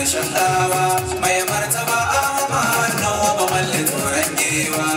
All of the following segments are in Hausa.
da shakawa mai martaba ahmad na oba malle turan gewa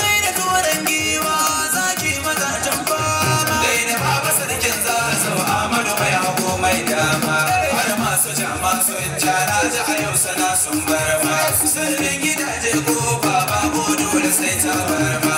kai da turan gewa zaki mazajen fama dai da baba sarkin zazo amadu mai hago mai dama har masu jama sun jara ji a yau sana sun barma sirrin gidaje ko baba ko dole sai ta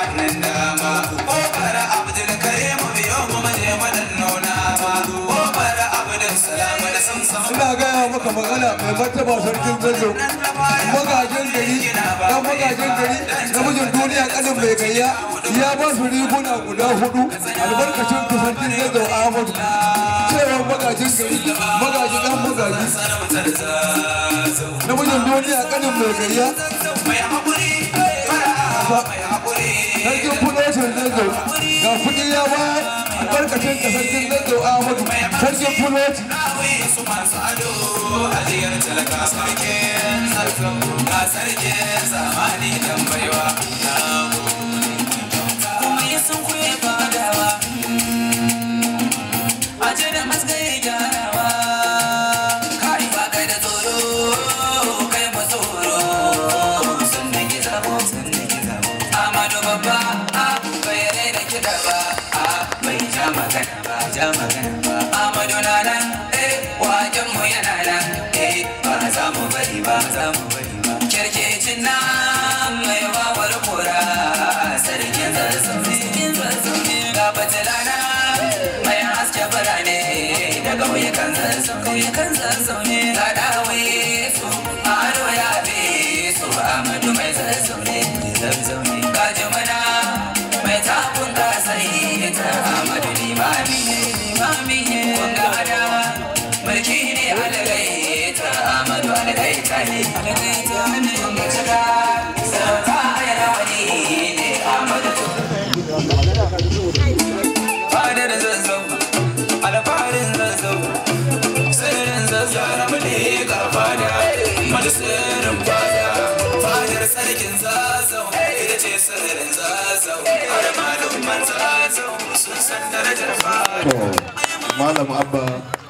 suna gaya maka magana mai martaba sarkin zanzo magajin gari dan magajin gari namijin duniya kanin mai gayya ya ba su riguna guda hudu albarkacin kusantin zanzo ahmadu cewa magajin gari magaji dan magaji namijin duniya kanin mai gayya sarkin kudancin zanzo ga kudi ya bayar albarkacin ka sarkin dango ahmadu sarkin fuloci su masu ado ajiyar talaka sarkin sarkin zamani ta magana Amadu na nan eh wajen mu yana nan eh ba za mu bari ba za mu na mai wawar kura sarkin zazzabin zaune. batila na mai haske birane da ƙauyukan zazzabin zaune. zazzabin ga dawe su a ado ya fi Amadu mai zazzabin zaune. imami ne imami algaita amadu algaita ne ne ne amadu zazzau alfaharin zazzau sirrin zazzau ga fada majisirin fadar sarkin zazzau ita ce sirrin zazzau har malumman zazzau malam abba